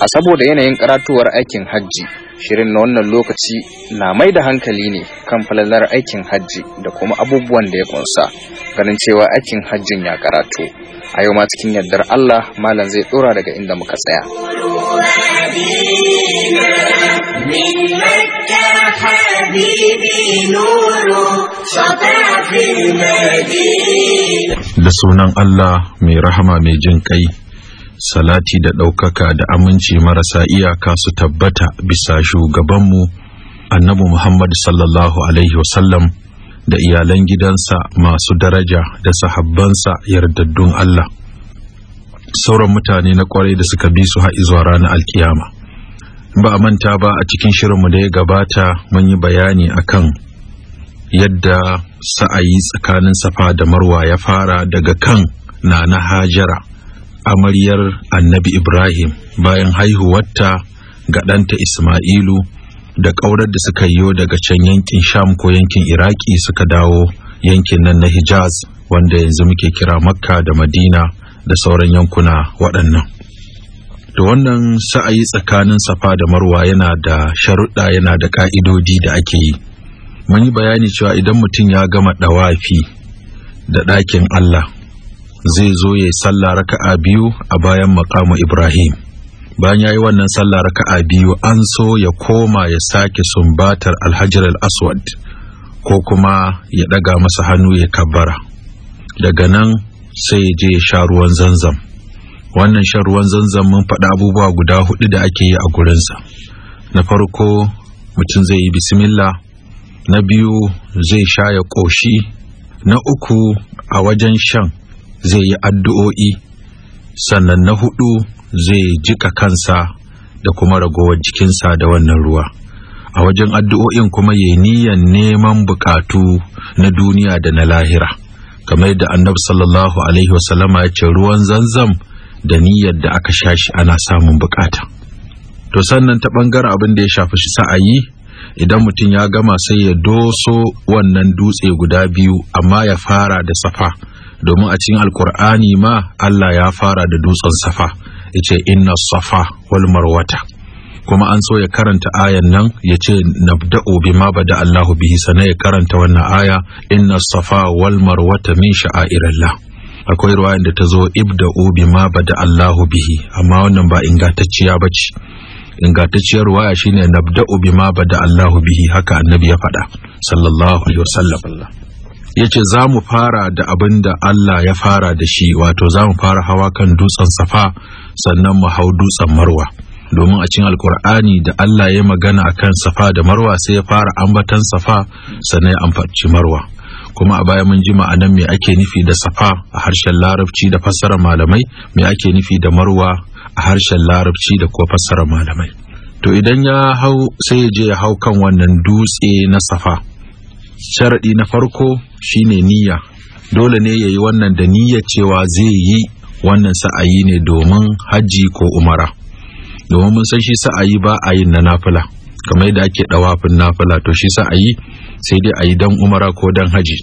A saboda yanayin karatuwar aikin hajji, shirin na wannan lokaci na mai da hankali ne kan falalar aikin hajji da kuma abubuwan da ya kunsa, ganin cewa aikin hajjin ya karatu. A yau ma cikin yardar Allah, Malam zai ɗora daga inda muka tsaya. Da sunan Allah mai rahama mai jin kai salati da ɗaukaka da aminci marasa iyaka su tabbata bisa shugabanmu annabi Muhammad sallallahu Alaihi wasallam da iyalan gidansa masu daraja da sahabbansa yardaddun Allah sauran mutane na kwarai da suka bi su zuwa ranar alkiyama ba a manta ba a cikin shirinmu da ya gabata mun yi bayani akan yadda sa'ayi tsakanin safa da marwa ya fara daga kan na na hajara amaryar annabi ibrahim bayan haihuwarta ga ɗanta ismailu da ƙaurar da suka yiwo daga can yankin sham ko yankin iraki suka dawo yankin nan na hijaz wanda yanzu muke kira makka da madina da sauran yankuna waɗannan to wannan sa'ayi tsakanin safa da marwa yana da sharuɗa yana da ƙa'idodi da ake yi mun yi bayani cewa idan mutum ya gama ɗawafi da ɗakin Allah zai zo ya yi sallah raka'a biyu a bayan makamu Ibrahim bayan ya yi wannan sallah raka'a biyu an so ya koma ya sake sumbatar alhajar al-aswad ko kuma ya ɗaga masa hannu ya kabbara daga nan sai ya je ya sha ruwan zanzam wannan shan ruwan zanzan mun faɗa abubuwa guda hudu da ake yi a gurinsa na farko mutum zai yi bismillah na biyu zai sha ya ƙoshi na uku a wajen shan zai yi addu'o'i sannan na hudu zai jika kansa da kuma ragowar jikinsa da wannan ruwa a wajen addu'o'in kuma yayi niyan neman bukatu na duniya da na lahira kamar da annabi sallallahu alaihi wasallama ya ce ruwan zanzam da niyyar da aka sha shi ana samun bukata to sannan ta bangaren abin da ya shafi shi sa'ayi idan mutum ya gama sai ya doso wannan dutse guda biyu amma ya fara da safa domin a cikin alkur'ani ma Allah ya fara da dutsen safa yace inna safa wal marwata kuma an so ya karanta ayan nan ya ce nabda'u bima bada Allahu bihi sana ya karanta wannan aya inna safa wal marwata min sha'airillah akwai ruwayan da ta zo ma ba da Allahu bihi amma wannan ba ingantacciya ce ingantacciyar ruwaya shine ma ba bada Allahu bihi haka annabi ya faɗa sallallahu alaihi wasallam yace za mu fara da abin da Allah ya fara da shi wato za mu fara hawa kan dutsen safa sannan mu hau dutsen marwa domin a cikin alkur'ani da Allah ya magana akan safa da marwa sai ya fara ambatan safa sannan ya amfaci marwa kuma a baya mun ji anan me ake nufi da safa a harshen larabci da fassara malamai me ake nufi da marwa a harshen larabci da kuma fassarar malamai to idan ya hau sai ya je ya hau kan wannan dutse na safa sharadi na farko shine niyya dole ne yayi wannan da niyyar cewa zai yi wannan sa'ayi ne domin hajji ko umara domin mun san shi sa'ayi ba a yin na nafila kamar yadda ake dawafin nafila to shi sa ayi sai dai ayi dan umara ko dan haji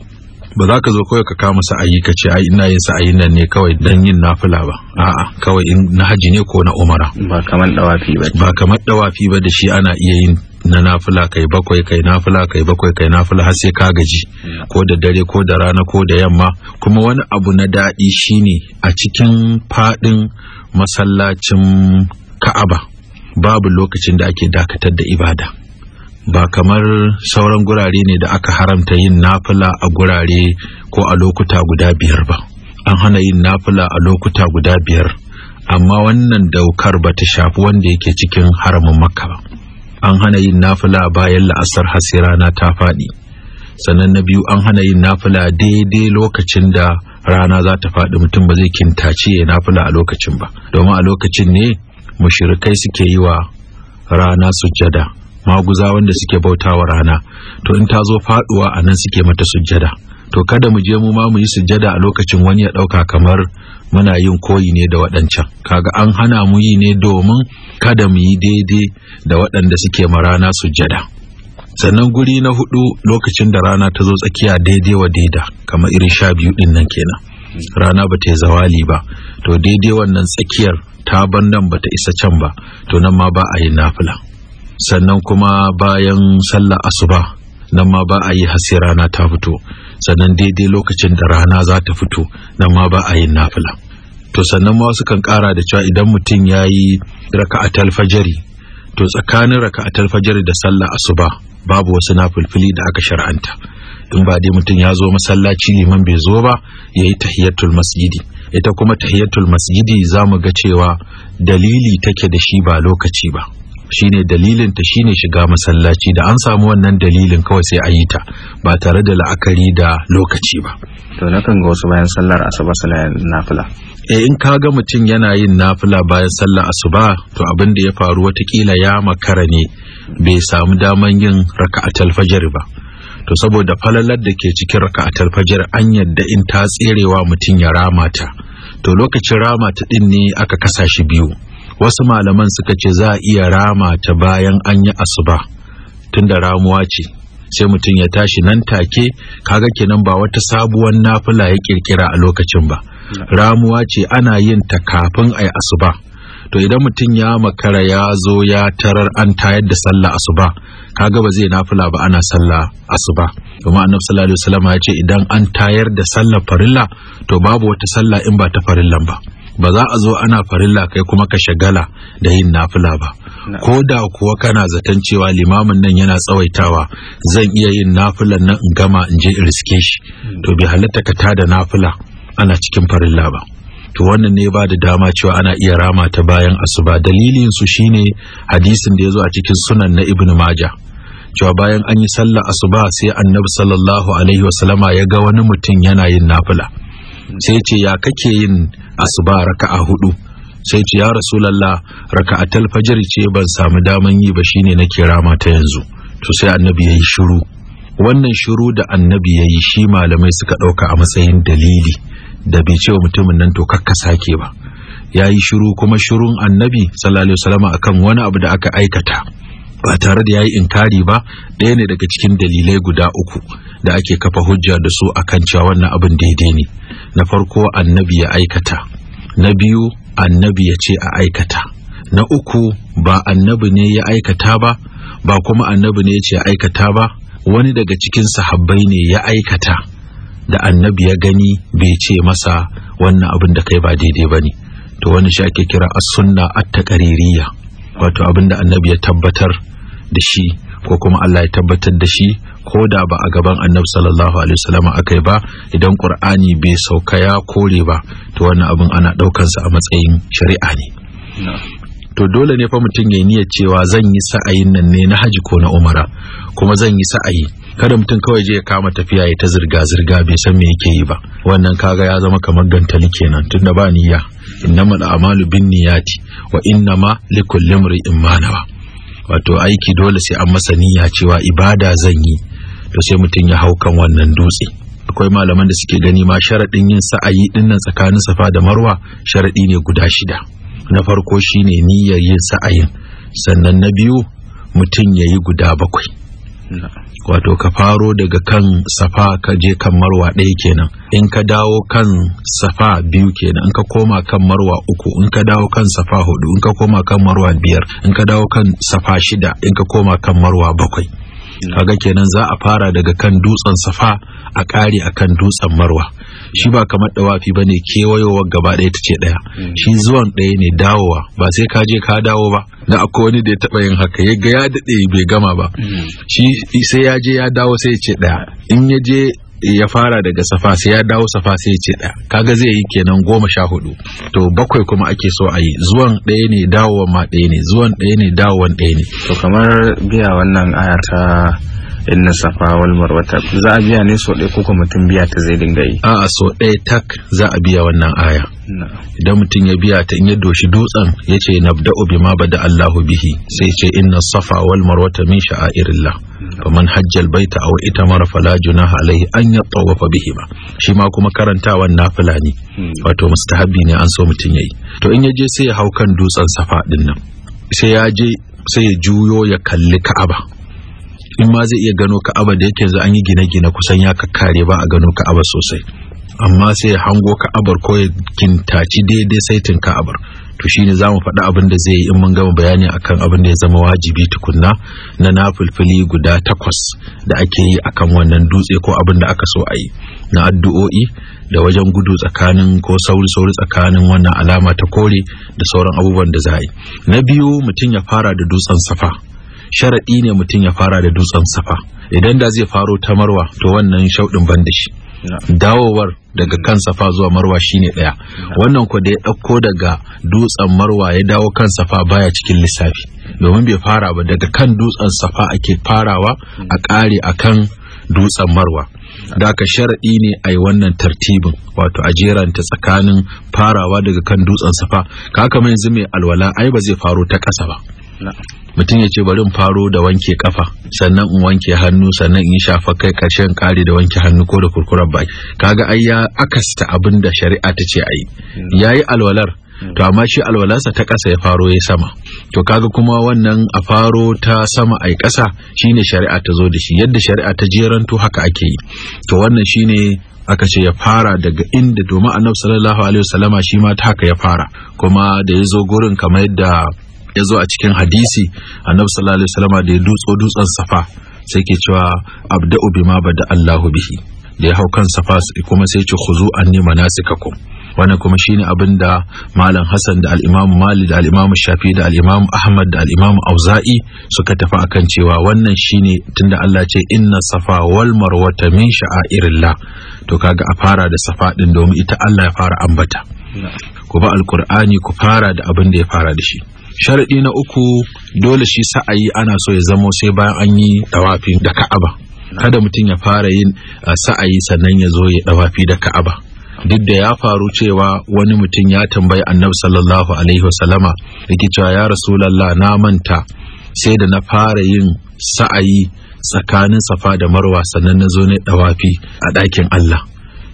ba za ka zo kawai ka kama ayi ka ce ai ina yin ayi nan ne kawai dan yin nafila ba a'a kawai in na haji ne ko na umara ba kamar dawafi ba ba kamar dawafi ba da shi ana iya yin na nafila kai bakwai kai nafila kai bakwai kai nafila har sai ka gaji hmm. ko da dare ko da rana ko da yamma kuma wani abu na daɗi shine a cikin faɗin masallacin ka'aba babu lokacin da ake dakatar da ibada ba kamar sauran gurare ne da aka haramta yin nafila a gurare ko a lokuta guda biyar ba an hana yin nafila a lokuta guda biyar amma wannan daukar ba ta shafi wanda yake cikin haramin makka ba an hana yin nafila bayan la'asar hasi rana ta faɗi sannan na biyu an hana yin nafila daidai lokacin da rana za ta faɗi mutum ba zai kintaci ya nafila a lokacin ba domin a lokacin ne mushirikai suke yi wa rana sujjada maguza wanda suke bautawa rana to in ta zo faduwa a nan suke mata sujjada to kada mu je mu ma mu yi sujjada a lokacin wani ya dauka kamar muna yin koyi ne da waɗancan kaga an hana mu yi ne domin kada mu yi daidai da waɗanda suke ma rana sujjada sannan guri na hudu lokacin da rana ta zo tsakiya daidai wa daida kamar irin sha biyu din nan kenan rana ba ta yi zawali ba to daidai wannan tsakiyar ta bar nan ba ta isa can ba to nan ma ba a yi nafila sannan kuma bayan sallah asuba nan ma ba a yi hasi rana ta fito sannan daidai lokacin da rana za ta fito nan ma ba a yi nafila to sannan ma wasu kan kara da cewa idan mutum ya yi raka'atal fajari to tsakanin raka'atal fajari da sallah asuba babu wasu nafilfili da aka shar'anta in ba dai mutum ya zo masallaci liman bai zo ba ya yi tahiyatul masjidi ita kuma tahiyatul masjidi za mu ga cewa dalili take da shi ba lokaci ba shi ne dalilin ta ne shiga masallaci da an samu wannan dalilin kawai sai ayi ta ba tare da la'akari da lokaci ba to na kan ga wasu bayan sallar asuba suna nafila eh in ka ga mutum yana yin nafila bayan sallar asuba to abin da ya faru watakila ya makara ne bai samu daman yin raka'atul fajr ba to saboda falalar da ke cikin raka'atar fajar an yadda in ta tserewa mutum ya rama ta to lokacin rama ta din ne aka kasa shi biyu wasu malaman suka ce za a iya rama ta bayan an yi asuba tunda ramuwa ce sai mutum ya tashi nan take kaga kenan ba wata sabuwar nafila ya kirkira a lokacin ba mm. ramuwa ce ana yin ta kafin a yi asuba to idan mutum ya makara ya zo ya tarar an tayar da sallah asuba kaga ba zai nafila ba ana sallah asuba kuma annabi sallallahu alaihi wasallam ya ce idan an tayar da sallah farilla to babu wata sallah in ba ta farillan ba ba za a zo ana farilla kai kuma ka shagala da yin nafila ba ko da kuwa kana zaton cewa limamin nan yana tsawaitawa zan iya yin nafilan nan in gama in je in riske shi hmm. to bi halatta ka tada nafila ana cikin farilla ba to wannan ne ba da dama cewa ana iya rama ta bayan asuba dalilin su shine hadisin da ya zo a cikin sunan na ibn maja cewa bayan an yi sallar asuba sai annabi sallallahu alaihi wasallama ya ga wani mutum yana yin nafila sai ce ya kake yin asuba raka'a hudu sai ce ya rasulullah raka'atul fajr ce ban samu daman yi ba shine nake rama ta yanzu to sai annabi yayi shiru wannan shiru da annabi yayi shi malamai suka dauka a matsayin dalili da bai cewa mutumin nan to kakka sake ba ya yi shiru kuma shirun annabi sallallahu alaihi wasallam akan wani abu da aka aikata ba tare da yayi inkari ba ɗaya ne daga cikin dalilai guda uku da ake kafa hujja da su akan cewa wannan abin daidai ne na farko annabi ya aikata na biyu annabi ya ce a aikata na uku ba annabi ne ya aikata ba ba kuma annabi ne ya ce aikata ba wani daga cikin sahabbai ne ya aikata da annabi ya gani bai ce masa wannan abin da kai ba daidai ba ne to wani shi ake kira as-sunna at wato abin da annabi ya tabbatar da shi ko kuma Allah ya tabbatar da shi ko da ba a gaban annabi sallallahu alaihi wasallam akai ba idan qur'ani bai sauka ya kore ba to wannan abin ana daukar sa a matsayin shari'a ne to dole ne fa mutum ya yi niyyar cewa zan yi sa'ayin nan ne na haji ko na umara kuma zan yi sa'ayi kada mutum kawai je ya kama tafiya ya ta zirga zirga bai san me yake yi ba wannan kaga ya zama kamar gantali kenan tunda ba niyya al'amalu a'malu niyyati wa innama likulli imrin ma nawa wato aiki dole sai an masa niyya cewa ibada zan yi to sai mutum ya hau kan wannan dutse akwai malaman da suke gani ma sharaɗin yin sa'ayi ɗinnan nan tsakanin safa da marwa sharaɗi ne guda shida na farko shine niyyar yin sa'ayin sannan na biyu mutum ya yi guda bakwai wato ka faro daga kan safa ka je kan marwa ɗaya kenan in ka dawo kan safa biyu kenan in ka koma kan marwa uku in ka dawo kan safa hudu in ka koma kan marwa biyar in ka dawo kan safa shida in ka koma kan marwa bakwai kaga kenan za a fara daga kan dutsen safa a ƙari akan dutsen marwa shi ba kamar dawafi ba ne kewayowar gaba ɗaya ta ce ɗaya mm. shi zuwan ɗaya ne dawowa ba sai ka je ka dawo ba na akwai wani da ya taɓa yin haka ya ga ya daɗe bai gama ba mm. shi sai ya je ya dawo sai ya ce ɗaya in ya je ya fara daga safa sai ya dawo safa sai ya ce ɗaya kaga zai yi kenan goma sha hudu to bakwai kuma ake so a yi zuwan ɗaya ne dawowa ma ɗaya ne zuwan ɗaya ne dawowan ɗaya ne to kamar biya wannan ayar ta inna safa wal marwata za a biya ne sau ɗaya ko kuma mutum biya ta zai dinga yi a'a sau ɗaya tak za a biya wannan aya idan mutum ya biya ta in ya doshi dutsen ya ce nabda'u bima bada Allahu bihi sai ce inna safa wal marwata min sha'airillah man hajjal baita aw itamara fala junaha alaihi an yatawafa ba. shi ma kuma karantawan nafila ne hmm. wato mustahabbi ne an so mutum yayi to in ya je sai ya hau kan dutsen safa din sai ya je sai ya juyo ya kalli ka'aba in ma zai iya gano ka'aba da yake yanzu an yi gine-gine kusan ya kakkare ba a gano ka'aba sosai amma sai ya hango ka'abar ko ya kintaci daidai saitin ka'abar to shine za mu faɗi abin da zai yi in mun gama bayani akan abin da ya zama wajibi tukunna na nafulfuli guda takwas da ake yi akan wannan dutse ko abin da aka so a yi na addu'o'i da wajen gudu tsakanin ko sauri-sauri tsakanin wannan alama ta kore da sauran abubuwan da za a yi na biyu mutum ya fara da dutsen safa sharaɗi ne mutum ya fara da dutsen safa idan da zai faro ta marwa to wannan shauɗin ban da shi dawowar daga kan safa zuwa marwa shine ɗaya wannan ko da ya ɗauko daga dutsen marwa ya dawo kan safa baya cikin lissafi domin bai fara ba daga kan dutsen safa ake farawa a ƙare a kan dutsen marwa da aka sharaɗi ne a yi wannan tartibin wato a jeranta tsakanin farawa daga kan dutsen safa kaka mai zume alwala ai ba zai faro ta ƙasa ba mutum ya ce bari in faro da wanke kafa sannan in wanke hannu sannan in shafa kai karshen kare da wanke hannu ko da kurkurar baki kaga ai ya akasta abin da shari'a ta ce ai yayi alwalar to amma shi alwalarsa ta ƙasa ya faro ya sama to kaga kuma wannan a faro ta sama ai ƙasa shine shari'a ta zo da shi yadda shari'a ta jeranto haka ake yi to wannan shine aka ce ya fara daga inda domin annabi sallallahu alaihi wasallama shi ma ta haka ya fara kuma da ya zo gurin kamar yadda ya zo a cikin hadisi annabi sallallahu alaihi wasallam da ya dutso dutsen safa sai ke cewa abda'u bima bada Allahu bihi da ya hau kan safa kuma sai ce khuzu anni manasikakum wannan kuma shine abin da malam Hassan da al-Imam Malik da al Shafi da al-Imam Ahmad da al-Imam Auza'i suka tafi akan cewa wannan shine tunda Allah ce inna safa wal marwata min sha'airillah to kaga a fara da safa din domin ita Allah ya fara ambata ku ba Alkur'ani ku fara da abin da ya fara da shi sharaɗi na uku dole shi sa'ayi ana so ya zamo sai bayan an yi tawafi da ka'aba kada mutum ya fara yin sa'ayi sannan ya zo ya tawafi da ka'aba duk da ya faru cewa wani mutum ya tambayi annabi sallallahu alaihi wasallama yake cewa ya rasulullah na manta sai da na fara yin sa'ayi tsakanin safa da marwa sannan na zo ne tawafi a ɗakin Allah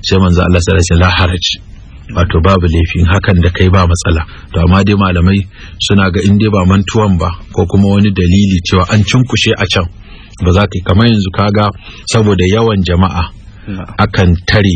sai manzo Allah sallallahu alaihi wasallam la wato babu laifin hakan da kai ba matsala to amma dai malamai suna ga in dai ba mantuwan ba ko kuma wani dalili cewa an cinkushe a can ba za ka kamar yanzu kaga saboda yawan jama'a akan tare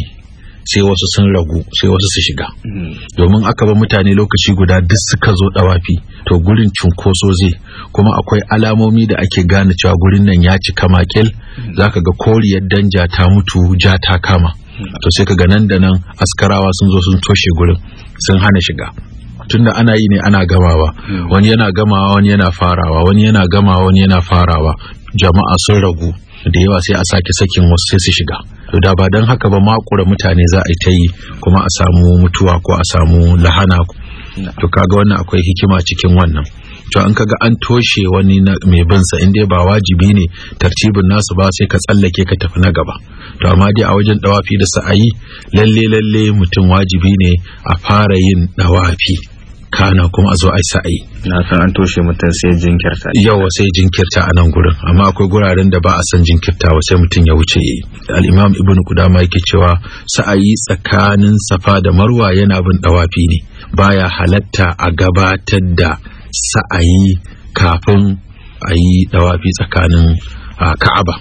sai wasu sun ragu sai wasu su shiga hmm. domin aka ba mutane lokaci guda duk suka zo dawafi to gurin cunkoso zai kuma akwai alamomi da ake gane cewa gurin nan ya cika makil hmm. zaka ga koriyar danja ta mutu ja ta kama to sai ka ga nan da nan askarawa sun zo sun toshe gurin sun hana shiga tunda ana yi ne ana gamawa hmm. wani yana gamawa wani yana farawa wani yana gamawa wani yana farawa jama'a sun ragu da yawa sai a sake sakin wasu sai su shiga to da ba don haka ba makura mutane za a yi ta yi kuma a samu mutuwa ko a samu lahana to kaga wannan akwai hikima cikin wannan To in kaga an toshe wani mai binsa in dai ba wajibi ne tartibin nasu ba sai ka tsallake ka tafi na gaba to amma dai a wajen dawafi da sa'ayi lalle lalle mutum wajibi ne a fara yin dawafi kana kuma a zo a sa'ayi na san an toshe mutum sai jinkirta yawa sai jinkirta a nan gurin amma akwai guraren da ba a san jinkirtawa sai mutum ya wuce al'imam ibn kudama yake cewa sa'ayi tsakanin safa da marwa yana bin dawafi ne baya halatta a gabatar da sa'ayi kafin a yi dawafi tsakanin ka'aba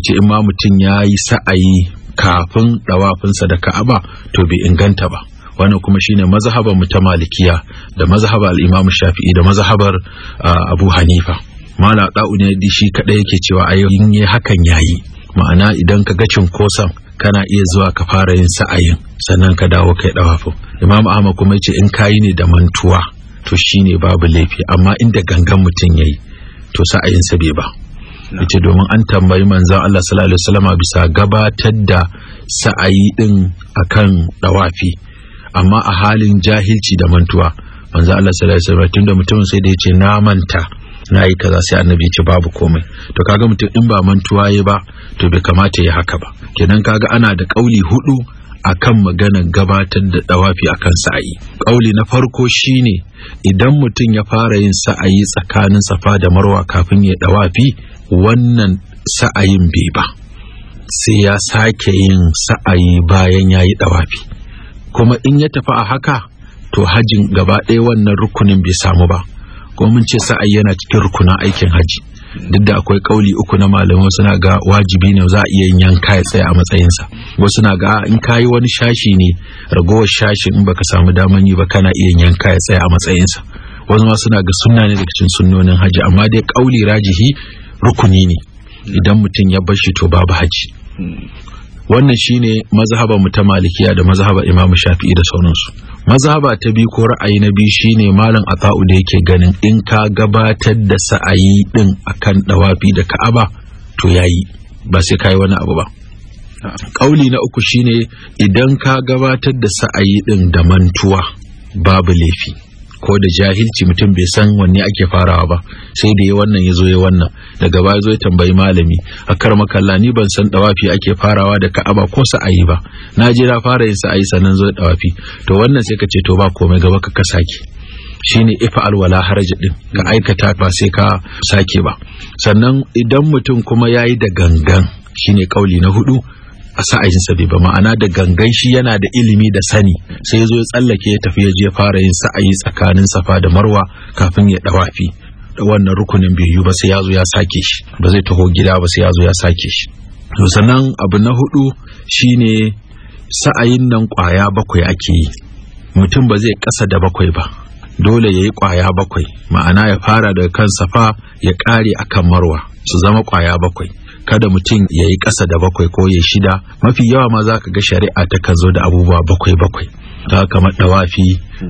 ce in ma mutum ya yi sa'ayi kafin dawafinsa da ka'aba to bai inganta ba wannan kuma shine mazhabar ta malikiya da mazhabar al shafi'i da mazhabar abu hanifa mala da'u ne shi kaɗai yake cewa ayoyin yi hakan yayi ma'ana idan ka ga cinkoson kana iya zuwa ka fara yin sa'ayin sannan ka dawo kai ɗawafin. imam ahmad kuma ce in kayi ne da mantuwa to shine babu laifi amma inda gangan mutum yayi to sa'ayin sa bai ba ita domin an tambayi manzon Allah sallallahu alaihi wasallama bisa gabatar da sa'ayi din akan dawafi amma a halin jahilci da mantuwa manzon Allah sallallahu alaihi wasallam tunda mutum sai da yace na manta na yi kaza sai annabi ya ce babu komai to kaga mutum in ba mantuwa ya ba to bai kamata ya haka ba kenan kaga ana da kauli hudu akan maganan gabatar da dawafi akan sa'ayi kauli na farko shine idan mutum ya fara yin sa'ayi tsakanin safa da marwa kafin ya dawafi wannan sa'ayin bai ba sai ya sake yin sa'ayi bayan ya yi dawafi kuma in ya tafi a haka to hajin gaba ɗaya wannan rukunin bai samu ba kuma mun ce sa'ayi yana cikin rukunin aikin haji duk da akwai kauli uku na malamai suna ga wajibi ne za a iya yin yanka ya tsaya a matsayinsa wasu na ga in ka wani shashi ne ragowar shashi in baka samu daman yi ba kana iya yanka ya tsaya a matsayinsa wasu ma suna ga sunna ne daga cikin sunnonin haji amma dai kauli rajihi rukuni ne idan mutum ya bar shi to babu haji hmm. wannan shine mazhabar mu ta malikiya da mazhabar Imamu shafi'i da sauransu mazhaba ta biyu ko ra'ayi na biyu shine malam ata'u da yake ganin in ka gabatar da sa'ayi din akan dawafi da ka'aba to yayi ba sai kai wani abu ba kauli na uku shine idan ka gabatar da sa'ayi din da mantuwa babu laifi ko da jahilci mutum bai san wanne ake farawa ba sai da ya wannan ya zo ya wannan daga baya zo ya tambayi malami a kar makalla ni ban san dawafi ake farawa da ka'aba ko sa'ayi ba na je na fara yin sa'ayi sannan zo dawafi to wannan sai ka ce to ba komai gaba ka kasake shine ifa'al wala haraj din ka aikata ba sai ka sake ba sannan idan mutum kuma yayi da gangan shine kauli na hudu a sa'ajin sa bai ba ma'ana da gangan shi yana da ilimi da sani sai yazo ya tsallake ya tafi ya je fara yin sa'ayi tsakanin safa da marwa kafin ya dawafi wannan rukunin bai yi ba sai ya zo ya sake shi ba zai taho gida ba sai ya zo ya sake shi to sannan abu na hudu shine sa'ayin nan kwaya bakwai ake yi mutum ba zai kasa da bakwai ba dole ya yi kwaya bakwai ma'ana ya fara daga kan safa ya kare akan marwa su zama kwaya bakwai kada mutum ya yi ƙasa da bakwai ko ya shida mafi yawa ma za ka ga shari'a ta ka zo da abubuwa bakwai bakwai ta kamar dawafi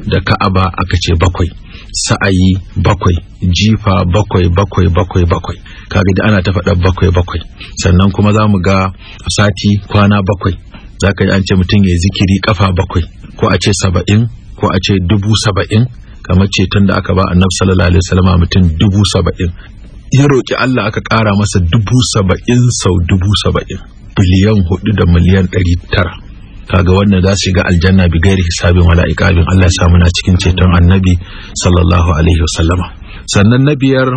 da ka'aba aka ce bakwai sa'ayi bakwai jifa bakwai bakwai bakwai bakwai kaga da ana ta faɗa bakwai bakwai sannan kuma za mu ga sati kwana bakwai za ka yi an ce mutum ya zikiri kafa bakwai ko a ce saba'in ko a ce dubu saba'in kamar ce tun da aka ba annabi sallallahu alaihi wasallam mutum dubu saba'in ya roƙi Allah aka ƙara masa dubu saba'in sau dubu saba'in biliyan hudu da miliyan ɗari tara kaga wannan za su ga aljanna bi gairi hisabin walaika bin Allah ya sa muna cikin ceton annabi sallallahu alaihi wasallama sannan na biyar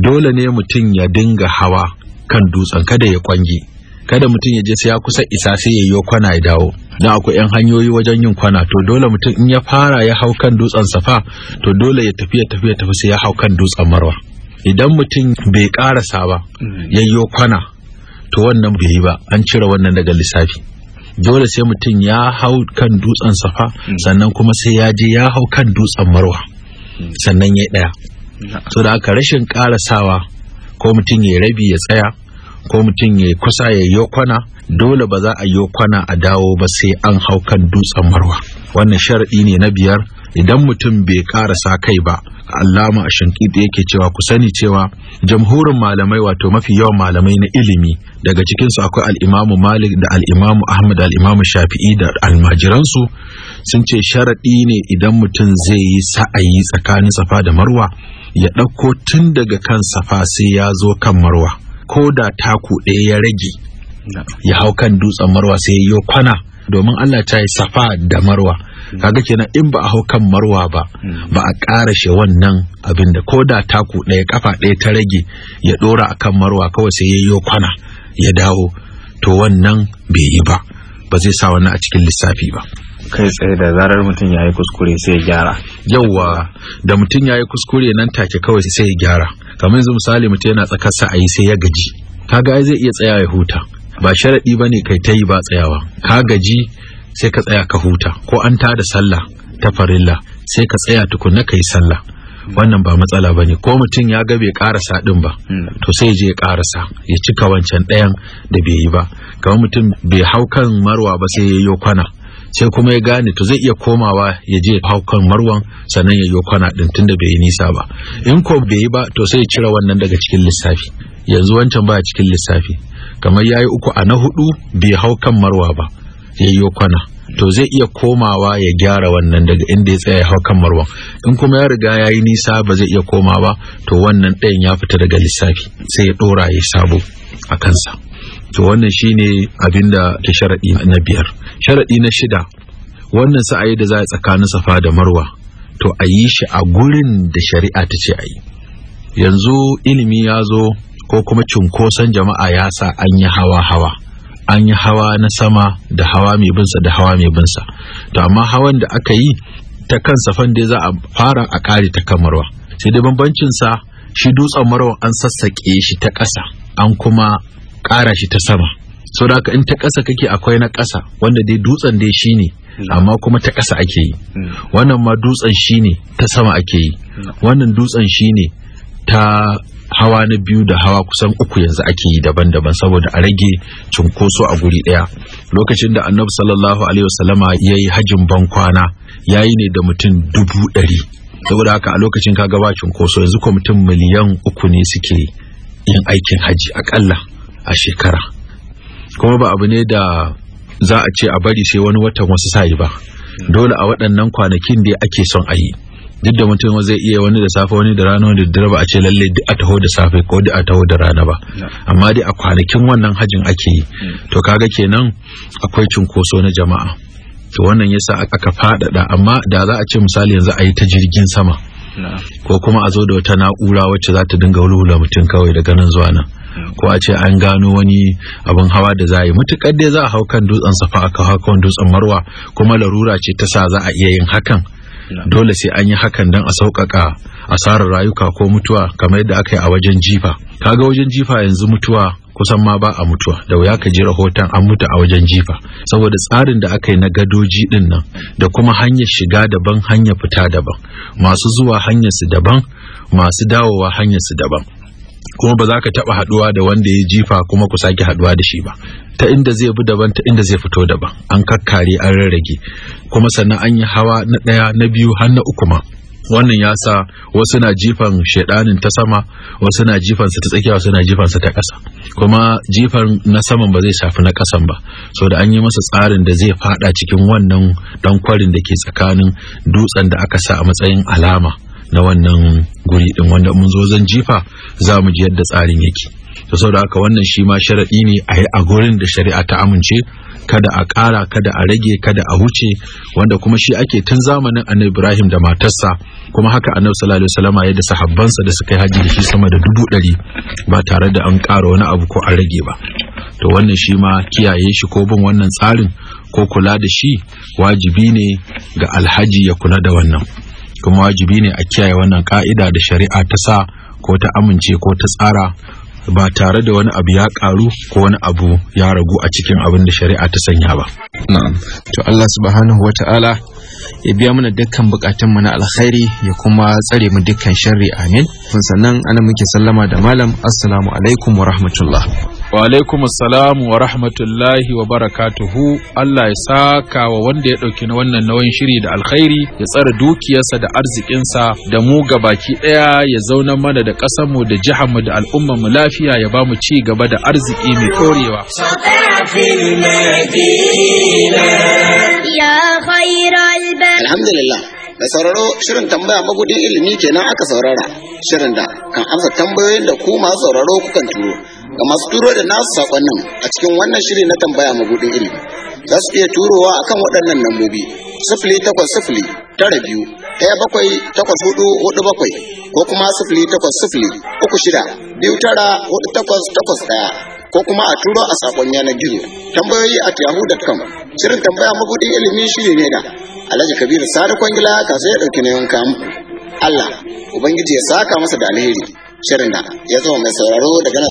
dole ne mutum ya dinga hawa kan dutsen kada ya kwangi kada mutum ya je sai ya kusa isa sai ya yi kwana ya dawo dan akwai 'yan hanyoyi wajen yin kwana to dole mutum in ya fara ya hau kan dutsen safa to dole ya tafi ya tafi ya tafi sai ya hau kan dutsen marwa idan mutum bai karasa ba mm. yayyo kwana to wannan bai yi ba an cire wannan daga lissafi dole sai mutum ya hau kan dutsen safa mm. sannan kuma sai ya je ya hau kan dutsen marwa mm. sannan ya ɗaya so da aka rashin karasawa ko mutum ya rabi ya tsaya ko mutum ya kusa ya yi kwana dole ba za a yi kwana a dawo ba sai an hau kan dutsen marwa wannan sharaɗi ne na biyar idan mutum bai karasa kai ba allama a da yake cewa ku sani cewa jamhurin malamai wato mafi yawan malamai na ilimi daga cikinsu akwai al'imamu malik da al'imamu ahmad da al'imamu shafi'i da almajiransu sun ce sharaɗi ne idan mutum zai yi sa'ayi tsakanin safa da marwa ya ɗauko tun daga kan safa sai ya zo kan marwa ko da taku ɗaya ya rage ya hau kan dutsen marwa sai ya yi kwana domin Allah ta yi safa da marwa hmm. kaga kenan in ba a hau kan marwa ba hmm. ba a ƙara shi wannan abin da ko da taku ɗaya kafa ɗaya ta rage ya ɗora a kan marwa kawai sai ya yi kwana ya dawo to wannan bai yi ba ba zai sa wannan a cikin lissafi ba kai tsaye da zarar mutum ya yi kuskure sai ya gyara yauwa da mutum ya yi kuskure nan take kawai sai ya gyara kamar yanzu misali mutum yana tsakarsa a yi sai ya gaji ka ga zai iya tsaya ya huta ba sharaɗi ba ne kai ta yi ba tsayawa ka gaji sai ka tsaya ka huta ko an tada sallah ta farilla sai ka tsaya tukunna na kai sallah wannan ba matsala bane ko mutum ya ga bai karasa din ba hmm. to sai je ya karasa ya cika wancan ɗayan da bai yi ba kamar mutum bai hau kan marwa ba sai ya yi kwana sai kuma ya gane to zai iya komawa ya je hau kan marwan sannan ya yi kwana din tunda bai yi nisa ba in ko bai yi ba to sai ya cire wannan daga cikin lissafi yanzu wancan ba cikin lissafi kamar yayi uku a na hudu bai hau kan marwa ba yayyo kwana to zai iya komawa ya gyara wannan daga inda ya tsaya hau kan marwan in kuma ya riga ya yi nisa ba zai iya komawa? ba to wannan ɗayan ya fita daga lissafi sai ya ɗora ya sabo a kansa to wannan shine abin da ta sharaɗi na biyar sharaɗi na shida wannan sa'ayi da za a tsakanin safa da marwa to a yi shi a gurin da shari'a ta ce a yi yanzu ilimi ya zo ko kuma cunkoson jama'a ya sa an yi hawa-hawa an yi hawa na sama da hawa mai binsa da hawa mai binsa to amma hawan da aka yi ta kansa safan da za a fara a kare ta kan marwa sai dai bambancin sa shi dutsen marwa an sassake shi ta ƙasa an kuma ƙara shi ta sama so da in ta ƙasa kake akwai na ƙasa wanda dai dutsen dai shine amma kuma ta ƙasa ake yi hmm. wannan ma dutsen shine ta sama ake yi hmm. wannan dutsen shine ta hawa na biyu da hawa kusan uku yanzu ake yi daban-daban saboda a rage cunkoso a guri ɗaya lokacin da annabi sallallahu alaihi wasallama ya yi hajjin ban kwana ya yi ne da mutum dubu ɗari saboda haka a lokacin ka gaba cunkoso yanzu ko mutum miliyan uku ne suke yin aikin hajji kalla a shekara kuma ba abu ne da za a ce a bari sai wani watan wasu sa'i ba dole a waɗannan kwanakin da ake son a yi duk da mutum zai iya wani da safe wani da rana wani da dare ba a ce lalle duk a taho da safe ko duk a taho da rana ba amma dai a kwanakin wannan hajin ake yi mm. to kaga kenan akwai cunkoso na jama'a to wannan yasa aka faɗaɗa amma da za a ce misali yanzu a yi ta jirgin sama ko kuma a zo da wata na'ura wacce za ta dinga wulwula mutum kawai daga nan zuwa nan mm. ko a ce an gano wani abin hawa da za a yi mutukar dai za a hau kan dutsen safa aka hau kan dutsen marwa kuma larura ce ta sa za a iya yin hakan dole sai an yi hakan don a sauƙaƙa asarar rayuka ko mutuwa kamar yadda aka yi a wajen jifa kaga wajen jifa yanzu mutuwa kusan ma ba a mutuwa da wuya ka ji rahoton an mutu a wajen jifa saboda tsarin da aka yi na gadoji din nan da kuma hanyar shiga daban hanyar fita daban masu zuwa hanyar su daban masu dawowa hanyar su daban kuma ba za ka taɓa haɗuwa da wanda ya jifa kuma ku sake haɗuwa da shi ba ta inda zai bi daban ta inda zai fito daban an kakkare an rarrage kuma sannan an yi hawa na ɗaya na biyu har na uku ma wannan ya sa wasu na jifan shaidanin ta sama wasu na jifan su ta tsakiya wasu na jifan su ta ƙasa kuma jifan na saman ba zai shafi na ƙasan ba so da an yi masa tsarin da zai fada cikin wannan dan kwarin da ke tsakanin dutsen da aka sa a matsayin alama na wannan guri din wanda mun zo zan jifa za mu ji yadda tsarin yake to saboda haka wannan shi ma sharaɗi ne a yi a gurin da shari'a ta amince kada a ƙara kada a rage kada a huce wanda kuma shi ake tun zamanin annabi ibrahim da matarsa kuma haka annabi sallallahu alaihi wasallama ya da sahabbansa da suka yi haji da shi sama da dubu ɗari ba tare da an ƙara wani abu ko an rage ba to wannan shi ma kiyaye shi ko bin wannan tsarin ko kula da shi wajibi ne ga alhaji ya kula da wannan kuma wajibi ne a kiyaye wannan ka'ida da shari'a ta sa ko ta amince ko ta tsara ba tare da wani abu ya karu ko wani abu ya ragu a cikin abin da shari'a ta sanya ba. Na'am. To Allah subhanahu wata'ala ya biya mana dukkan bukatun mu na alkhairi ya kuma tsare mu dukkan sharri amin. Sannan ana muke sallama da malam assalamu alaikum wa rahmatullah. wa alaikum assalam wa rahmatullahi wa barakatuhu Allah ya saka wa wanda ya ɗauki na wannan nauyin shiri da alkhairi ya tsara dukiyarsa da arzikinsa da mu baki ɗaya ya zauna mana da ƙasarmu da mu da mu lafiya ya ba mu ci gaba da arziki mai ɗorewa. Alhamdulillah. da sauraro shirin tambaya magudin ilimi kenan aka saurara shirin da kan amsa tambayoyin da ku masu sauraro kukan turo ga masu turo da nasu sakonnin a cikin wannan shiri na tambaya mabudin ilimi za su iya turowa akan waɗannan lambobi sifili takwas sifili tara biyu ɗaya bakwai takwas hudu hudu bakwai ko kuma sifili takwas sifili uku shida biyu tara hudu takwas takwas ɗaya ko kuma a turo a sakon yanar gizo tambayoyi a yahoo.com shirin tambaya mabudin ilimin shiri ne da alhaji kabiru sadu kwangila kasa ya ɗauki nayin kamu Allah Ubangiji ya saka masa da alheri shirin da ya zama mai sauraro daga